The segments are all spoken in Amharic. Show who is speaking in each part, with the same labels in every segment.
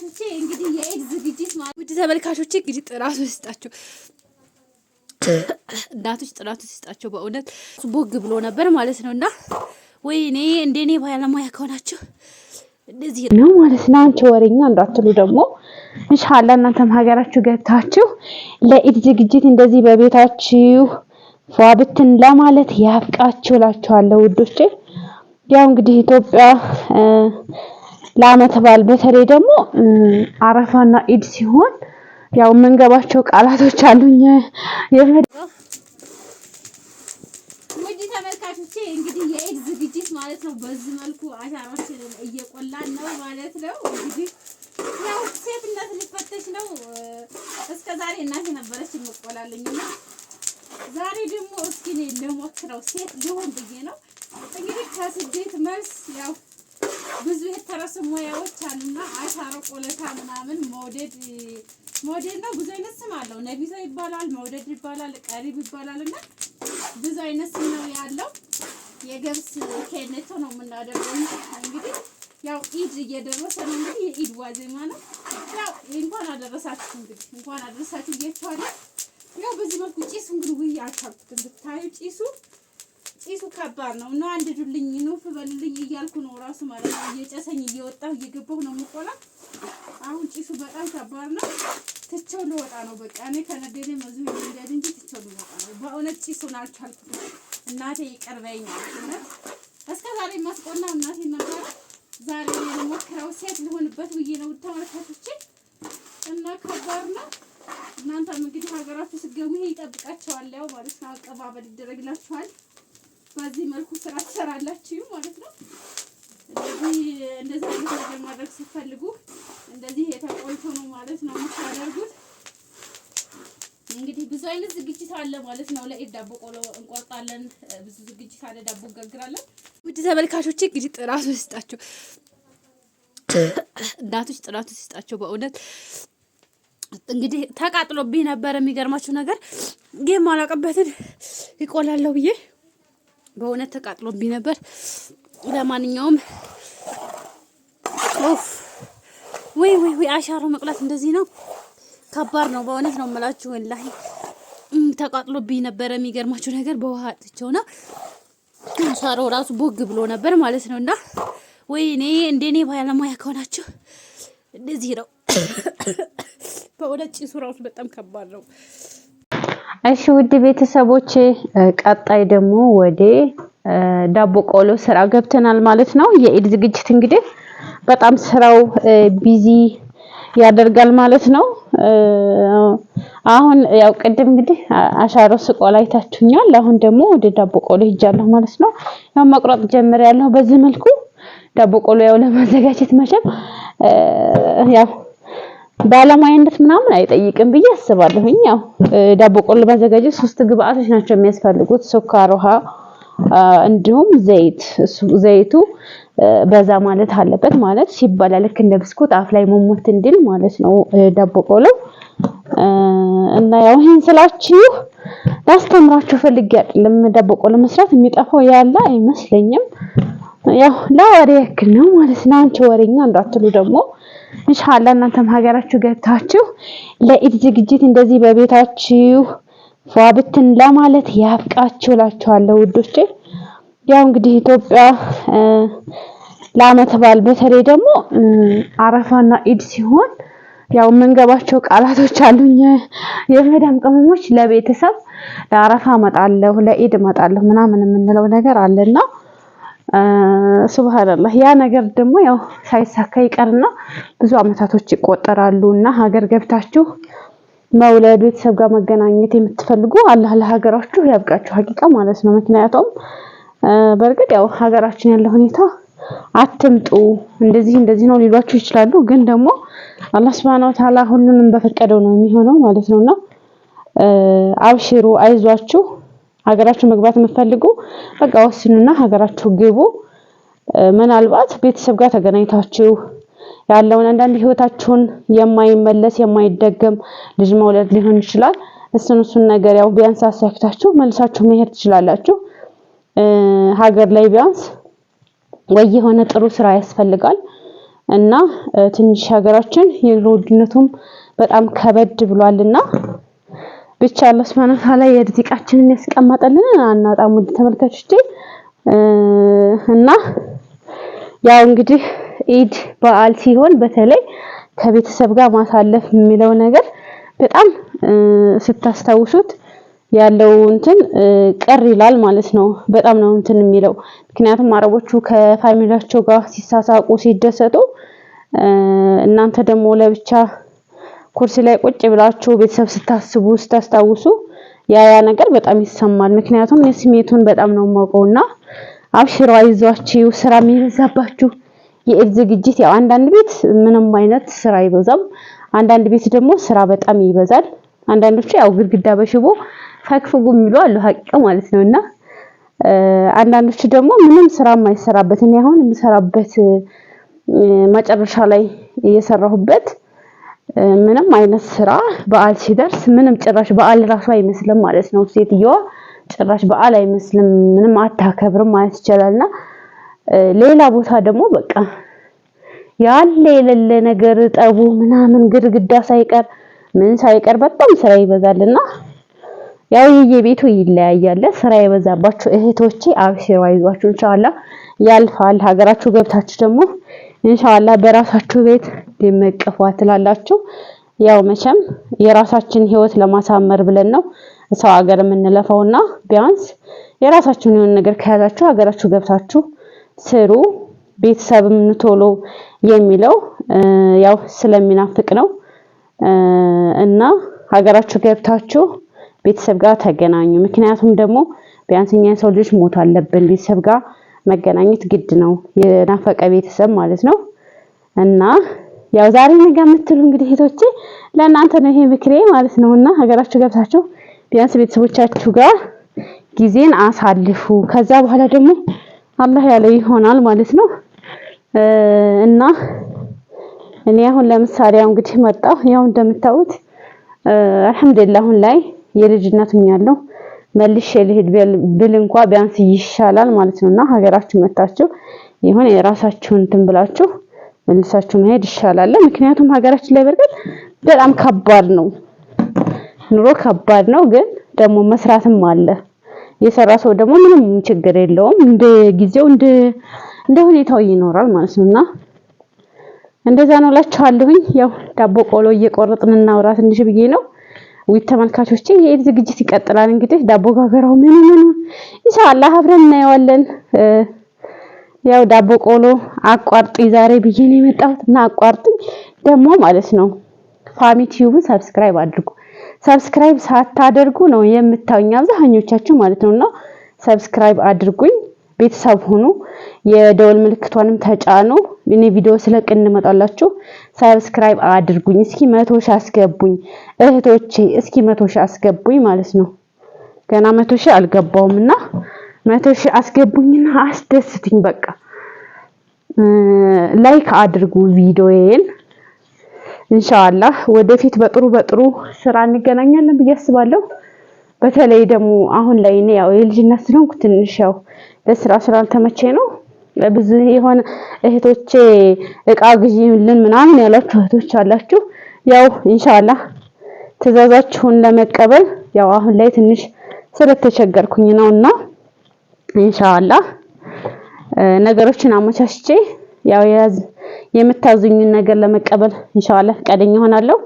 Speaker 1: ተመልካቾቼ እንግዲህ የኤድ ዝግጅት ማለት ውድ ተመልካቾቼ እንግዲህ ጥራቱ ይስጣቸው፣ እናቶች ጥራቱ ይስጣቸው። በእውነት ቦግ ብሎ ነበር ማለት ነው እና ወይኔ እንደ እኔ ባለሙያ ከሆናችሁ
Speaker 2: እንደዚህ ነው ማለት ነው። አንቺ ወሬኛ እንዳትሉ ደግሞ እንሻላ እናንተም ሀገራችሁ ገብታችሁ ለኢድ ዝግጅት እንደዚህ በቤታችሁ ፏብትን ለማለት ያብቃችሁ እላችኋለሁ ውዶቼ። ያው እንግዲህ ኢትዮጵያ ለአመት በዓል በተለይ ደግሞ አረፋና ኢድ ሲሆን ያው
Speaker 1: የምንገባቸው ቃላቶች አሉኝ። ውድ ተመልካቾቼ እንግዲህ የኢድ ዝግጅት ማለት ነው። በዚህ መልኩ አሻራችንን እየቆላን ነው ማለት ነው። እንግዲህ ያው ሴትነት ሊፈተሽ ነው። እስከ ዛሬ እናቴ ነበረች የምቆላልኝ እና ዛሬ ደግሞ እስኪ እኔ ልሞክረው ሴት ልሆን ብዬ ነው እንግዲህ ከስደት መልስ ያው ብዙ የተረሱ ሙያዎች አሉና አሻሮ ቆለታ ምናምን መውደድ መውደድ ነው። ብዙ አይነት ስም አለው። ነቢዛ ይባላል፣ መውደድ ይባላል፣ ቀሪብ ይባላል እና ብዙ አይነት ስም ነው ያለው። የገብስ ኬኔቶ ነው የምናደርገው እንግዲህ ያው ኢድ እየደረሰ ነው። እንግዲህ የኢድ ዋዜማ ነው። ያው እንኳን አደረሳችሁ እንግዲህ እንኳን አደረሳችሁ እየቸዋለ ያው በዚህ መልኩ ጭሱ እንግዲህ ውይ አልቻልኩትም ብታዩ ጭሱ ጢሱ ከባድ ነው እና አንድ ዱልኝ ኑፍ በልልኝ እያልኩ ነው ራሱ ማለት ነው። እየጨሰኝ እየወጣሁ እየገባሁ ነው የምቆላ። አሁን ጢሱ በጣም ከባድ ነው። ትቼው ልወጣ ነው በቃ። እኔ ከነገዴ መዙ ይንገድ እንጂ ትቼው ልወጣ ነው በእውነት። ጢሱን አልቻልኩት። እናቴ ይቀርበኝ እስከ ዛሬ ማስቆላ እናቴ ነበር። ዛሬ የምሞክረው ሴት ልሆንበት ብዬ ነው ተመልካቾቼ። እና ከባድ ነው። እናንተም እንግዲህ ሀገራችሁ ስገቡ ይሄ ይጠብቃቸዋል። ያው ማለት ነው አቀባበል ይደረግላችኋል። በዚህ መልኩ ስራ ትሰራላችሁ ማለት ነው። እንደዚህ እንደዚህ አይነት ነገር ማድረግ ስትፈልጉ እንደዚህ የተቆልቶ ነው ማለት ነው የምታደርጉት። እንግዲህ ብዙ አይነት ዝግጅት አለ ማለት ነው። ለኢድ ዳቦ ቆሎ እንቆርጣለን። ብዙ ዝግጅት አለ። ዳቦ እንጋግራለን። ውድ ተመልካቾች እንግዲህ ጥራቱ ይስጣቸው፣ እናቶች ጥራቱ ይስጣቸው። በእውነት እንግዲህ ተቃጥሎብኝ ነበር። የሚገርማችሁ ነገር ይህ ማላቀበትን ይቆላለሁ ብዬ በእውነት ተቃጥሎብኝ ነበር። ለማንኛውም ወይ ወይ ወይ አሻሮ መቁላት እንደዚህ ነው፣ ከባድ ነው። በእውነት ነው የምላችሁ ወላሂ ተቃጥሎብኝ ነበረ። የሚገርማችሁ ነገር በውሃ አጥቸው ነው አሻሮ ራሱ ቦግ ብሎ ነበር ማለት ነው። እና ወይ እኔ እንደኔ ባለሙያ ከሆናችሁ እንደዚህ ነው
Speaker 2: በእውነት ጭሱ ራሱ በጣም ከባድ ነው። እሺ ውድ ቤተሰቦቼ ቀጣይ ደግሞ ወደ ዳቦ ቆሎ ስራ ገብተናል ማለት ነው። የኢድ ዝግጅት እንግዲህ በጣም ስራው ቢዚ ያደርጋል ማለት ነው። አሁን ያው ቅድም እንግዲህ አሻሮ ስቆላ አይታችሁኛል። አሁን ደግሞ ወደ ዳቦ ቆሎ ሄጃለሁ ማለት ነው። ያው መቁረጥ ጀምሬያለሁ። በዚህ መልኩ ዳቦ ቆሎ ያው ለማዘጋጀት መቼም ያው ባለሙያነት ምናምን አይጠይቅም ብዬ አስባለሁኝ። ያው ዳቦ ቆሎ ለማዘጋጀት ሶስት ግብአቶች ናቸው የሚያስፈልጉት ስኳር፣ ውሃ እንዲሁም ዘይት። ዘይቱ በዛ ማለት አለበት ማለት ሲበላ ልክ እንደ ብስኩት አፍ ላይ መሞት እንዲል ማለት ነው ዳቦ ቆሎ እና ያው ይህን ስላችሁ ላስተምራችሁ ፈልጌ አይደለም። ዳቦ ቆሎ መስራት የሚጠፋው ያለ አይመስለኝም። ያው ለወሬ ያክል ነው ማለት ነው። አንቺ ወሬኛ እንዳትሉ ደግሞ እንሻላ እናንተም ሀገራችሁ ገብታችሁ ለኢድ ዝግጅት እንደዚህ በቤታችሁ ፏብትን ለማለት ያብቃችሁ እላችኋለሁ ውዶቼ። ያው እንግዲህ ኢትዮጵያ ለአመት በዓል በተለይ ደግሞ አረፋና ኢድ ሲሆን ያው የምንገባቸው ቃላቶች አሉኝ። የመዳም ቅመሞች ለቤተሰብ ለአረፋ እመጣለሁ፣ ለኢድ እመጣለሁ ምናምን የምንለው ነገር አለና ሱብሃንአላህ ያ ነገር ደግሞ ያው ሳይሳካ ይቀርና ብዙ አመታቶች ይቆጠራሉ። እና ሀገር ገብታችሁ መውለድ ቤተሰብ ጋር መገናኘት የምትፈልጉ አላህ ለሀገራችሁ ያብቃችሁ፣ ሀቂቃ ማለት ነው። ምክንያቱም በእርግጥ ያው ሀገራችን ያለ ሁኔታ አትምጡ እንደዚህ እንደዚህ ነው ሊሏችሁ ይችላሉ። ግን ደግሞ አላህ ሱብሃነሁ ወተዓላ ሁሉንም በፈቀደው ነው የሚሆነው ማለት ነውና አብሽሩ፣ አይዟችሁ። ሀገራችሁ መግባት የምትፈልጉ በቃ ወስኑና ሀገራችሁ ግቡ። ምናልባት ቤተሰብ ጋር ተገናኝታችሁ ያለውን አንዳንድ ህይወታችሁን የማይመለስ የማይደገም ልጅ መውለድ ሊሆን ይችላል። እሱን እሱን ነገር ያው ቢያንስ አሳክታችሁ መልሳችሁ መሄድ ትችላላችሁ። ሀገር ላይ ቢያንስ ወይ የሆነ ጥሩ ስራ ያስፈልጋል እና ትንሽ ሀገራችን የኑሮ ውድነቱም በጣም ከበድ ብሏልና ብቻ አላህ Subhanahu Wa Ta'ala የርዚቃችንን ያስቀመጠልን አናጣም። ውድ ተመልካቾቼ እና ያው እንግዲህ ኢድ በዓል ሲሆን በተለይ ከቤተሰብ ጋር ማሳለፍ የሚለው ነገር በጣም ስታስታውሱት ያለው እንትን ቅር ይላል ማለት ነው። በጣም ነው እንትን የሚለው ምክንያቱም አረቦቹ ከፋሚሊያቸው ጋር ሲሳሳቁ ሲደሰቱ እናንተ ደግሞ ለብቻ ኩርሲ ላይ ቁጭ ብላችሁ ቤተሰብ ስታስቡ ስታስታውሱ ያ ያ ነገር በጣም ይሰማል። ምክንያቱም እኔ ስሜቱን በጣም ነው የማውቀውና አብሽሮ አይዟችሁ፣ ስራ የሚበዛባችሁ የኤድ ዝግጅት ያው አንዳንድ ቤት ምንም አይነት ስራ አይበዛም፣ አንዳንድ ቤት ደግሞ ስራ በጣም ይበዛል። አንዳንዶቹ ያው ግድግዳ በሽቦ ፈግፍጉ የሚሉ አሉ ሀቂቃ ማለት ነውና አንዳንዶቹ ደግሞ ምንም ስራ የማይሰራበት እኔ አሁን የምሰራበት መጨረሻ ላይ እየሰራሁበት ምንም አይነት ስራ በዓል ሲደርስ ምንም ጭራሽ በዓል ራሱ አይመስልም ማለት ነው። ሴትዮዋ ጭራሽ በዓል አይመስልም፣ ምንም አታከብርም ማለት ይቻላልና ሌላ ቦታ ደግሞ በቃ ያለ የሌለ ነገር ጠቡ ምናምን ግድግዳ ሳይቀር ምን ሳይቀር በጣም ስራ ይበዛልና ያው የየቤቱ ይለያያል። ስራ የበዛባችሁ እህቶቼ አብሽሩ፣ አይዟችሁ፣ ያልፋል። ሀገራችሁ ገብታችሁ ደግሞ ኢንሻአላህ በራሳችሁ ቤት ደመቀፏ ትላላችሁ። ያው መቼም የራሳችን ህይወት ለማሳመር ብለን ነው ሰው ሀገር የምንለፈውና ቢያንስ የራሳችሁን የሆነ ነገር ከያዛችሁ ሀገራችሁ ገብታችሁ ስሩ። ቤተሰብ ቶሎ የሚለው ያው ስለሚናፍቅ ነው እና ሀገራችሁ ገብታችሁ ቤተሰብ ጋር ተገናኙ። ምክንያቱም ደግሞ ቢያንስ እኛ የሰው ልጅ ሞት አለብን ቤተሰብ ጋር መገናኘት ግድ ነው። የናፈቀ ቤተሰብ ማለት ነው እና ያው ዛሬ ነገ የምትሉ እንግዲህ እህቶቼ ለእናንተ ነው ይሄ ምክሬ ማለት ነው እና ሀገራችሁ ገብታችሁ ቢያንስ ቤተሰቦቻችሁ ጋር ጊዜን አሳልፉ። ከዛ በኋላ ደግሞ አላህ ያለው ይሆናል ማለት ነው እና እኔ አሁን ለምሳሌ ያው እንግዲህ መጣሁ። ያው እንደምታዩት አልሐምዱሊላህ አሁን ላይ የልጅነት ያለው መልሼ ልሄድ ብል እንኳ ቢያንስ ይሻላል ማለት ነው እና ሀገራችሁ መታችሁ ይሁን የራሳችሁን እንትን ብላችሁ መልሳችሁ መሄድ ይሻላል። ምክንያቱም ሀገራችን ላይ በርቀት በጣም ከባድ ነው፣ ኑሮ ከባድ ነው። ግን ደግሞ መስራትም አለ። የሰራ ሰው ደግሞ ምንም ችግር የለውም። እንደ ጊዜው እንደ እንደ ሁኔታው ይኖራል ማለት ነውና እንደዛ ነው እላችኋለሁኝ። ያው ዳቦ ቆሎ እየቆረጥን እናውራ ትንሽ ብዬ ነው። ውድ ተመልካቾች የኢድ ዝግጅት ይቀጥላል። እንግዲህ ዳቦ ጋገራው ምን ምን ኢንሻአላህ አብረን እናየዋለን። ያው ዳቦ ቆሎ አቋርጥ ዛሬ ብዬ ነው የመጣሁት እና አቋርጥ ደግሞ ማለት ነው ፋሚ ቲዩብን ሰብስክራይብ አድርጉ። ሰብስክራይብ ሳታደርጉ ነው የምታዩኝ አብዛኞቻችሁ ማለት ነውና ሰብስክራይብ አድርጉኝ፣ ቤተሰብ ሁኑ። የደወል ምልክቷንም ተጫኑ። እኔ ቪዲዮ ስለቅ እንመጣላችሁ። ሰብስክራይብ አድርጉኝ። እስኪ መቶ ሺህ አስገቡኝ እህቶቼ፣ እስኪ መቶ ሺህ አስገቡኝ ማለት ነው። ገና መቶ ሺህ አልገባውም እና መቶ ሺህ አስገቡኝና አስደስቱኝ። በቃ ላይክ አድርጉ ቪዲዮዬን። ኢንሻአላህ ወደፊት በጥሩ በጥሩ ስራ እንገናኛለን ብዬ አስባለሁ። በተለይ ደግሞ አሁን ላይ እኔ ያው የልጅነት ስለሆንኩ ትንሽ ያው ለስራ ስራ ነው ብዙ የሆነ እህቶቼ እቃ ግዢልን ምናምን ያላችሁ እህቶች አላችሁ። ያው ኢንሻአላህ ትዕዛዛችሁን ለመቀበል ያው አሁን ላይ ትንሽ ስለተቸገርኩኝ ነውና ኢንሻአላህ ነገሮችን አመቻችቼ ያው የያዝ የምታዙኝን ነገር ለመቀበል ኢንሻአላህ ፈቃደኛ እሆናለሁ።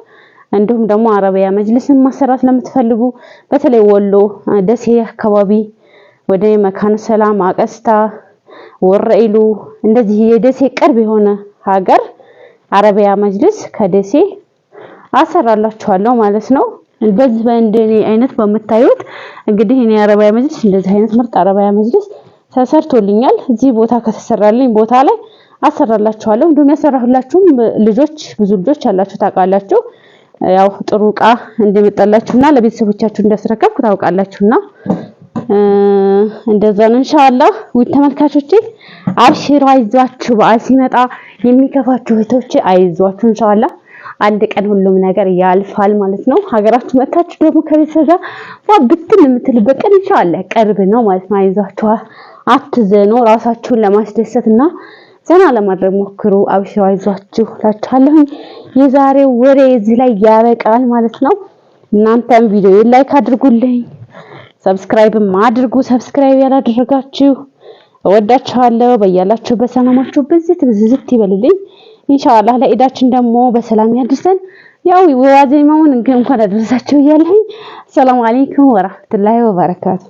Speaker 2: እንዲሁም ደግሞ አረቢያ መጅልስን ማሰራት ለምትፈልጉ በተለይ ወሎ፣ ደሴ አካባቢ ወደ መካነ ሰላም፣ አቀስታ ወረኢሉ እንደዚህ የደሴ ቅርብ የሆነ ሀገር አረቢያ መጅልስ ከደሴ አሰራላችኋለሁ ማለት ነው። በዚህ በእንደኔ አይነት በምታዩት እንግዲህ እኔ አረቢያ መጅልስ እንደዚህ አይነት ምርጥ አረቢያ መጅልስ ተሰርቶልኛል። እዚህ ቦታ ከተሰራልኝ ቦታ ላይ አሰራላችኋለሁ። እንዲሁም ያሰራሁላችሁም ልጆች ብዙ ልጆች ያላችሁ ታውቃላችሁ። ያው ጥሩ እቃ እንደመጣላችሁና ለቤተሰቦቻችሁ እንዳስረከብኩ ታውቃላችሁና እንደዛ ነው ኢንሻአላህ። ውድ ተመልካቾቼ አብሽሩ፣ አይዟችሁ። በዓል ሲመጣ የሚከፋችሁ እህቶቼ አይዟችሁ ኢንሻአላህ። አንድ ቀን ሁሉም ነገር ያልፋል ማለት ነው። ሀገራችሁ መታችሁ ደግሞ ከቤተሰብ ጋር ብትን የምትልበት ቀን ኢንሻአላህ ቅርብ ነው ማለት ነው። አይዟችሁ፣ አትዘኑ። ራሳችሁን ለማስደሰት እና ዘና ለማድረግ ሞክሩ። አብሽሩ፣ አይዟችሁ እላችኋለሁ። የዛሬው ወሬ እዚህ ላይ ያበቃል ማለት ነው። እናንተም ቪዲዮ ላይክ አድርጉልኝ ሰብስክራይብም አድርጉ። ሰብስክራይብ ያላደረጋችሁ እወዳችኋለሁ። በያላችሁበት በሰላማችሁ ብዝት ብዝት ይበልልኝ። ኢንሻአላህ ለኢዳችን ደግሞ በሰላም ያድርሰን። ያው ዋዜማውን እንኳን አደረሳችሁ እያለሁኝ ሰላም አለይኩም ወራህመቱላሂ ወበረካቱ